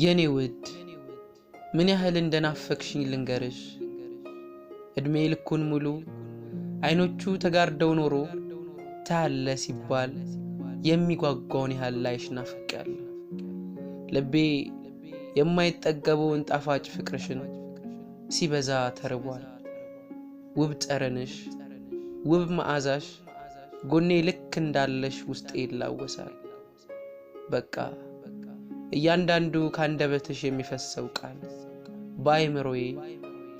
የኔ ውድ ምን ያህል እንደናፈቅሽኝ ልንገርሽ። እድሜ ልኩን ሙሉ አይኖቹ ተጋርደው ኖሮ ታለ ሲባል የሚጓጓውን ያህል ላይሽ ናፍቄያለሁ። ልቤ የማይጠገበውን ጣፋጭ ፍቅርሽን ሲበዛ ተርቧል። ውብ ጠረንሽ፣ ውብ መዓዛሽ ጎኔ ልክ እንዳለሽ ውስጤ ይላወሳል። በቃ እያንዳንዱ ከአንደበትሽ የሚፈሰው ቃል በአይምሮዬ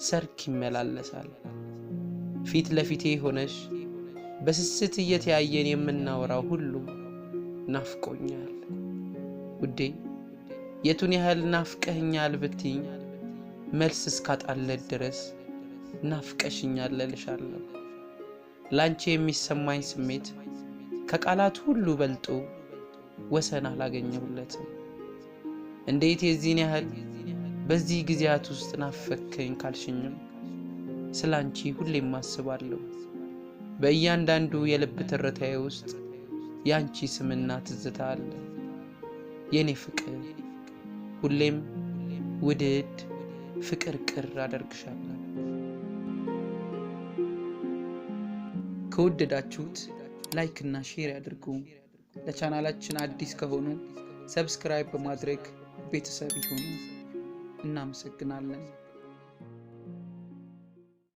ሰርክ ይመላለሳል። ፊት ለፊቴ ሆነሽ በስስት እየተያየን የምናወራው ሁሉ ናፍቆኛል። ውዴ የቱን ያህል ናፍቀህኛል ብትኝ መልስ እስካጣለት ድረስ ናፍቀሽኛል እልሻለሁ። ላንቺ የሚሰማኝ ስሜት ከቃላት ሁሉ በልጦ ወሰን አላገኘሁለትም። እንዴት የዚህን ያህል በዚህ ጊዜያት ውስጥ ናፈከኝ ካልሽኝም ስለ አንቺ ሁሌም አስባለሁ። በእያንዳንዱ የልብ ትርታዬ ውስጥ የአንቺ ስምና ትዝታ አለ። የእኔ ፍቅር ሁሌም ውድድ ፍቅር ቅር አደርግሻለሁ። ከወደዳችሁት ላይክ እና ሼር ያድርጉ። ለቻናላችን አዲስ ከሆኑ ሰብስክራይብ በማድረግ ቤተሰብ ይሁኑ። እናመሰግናለን።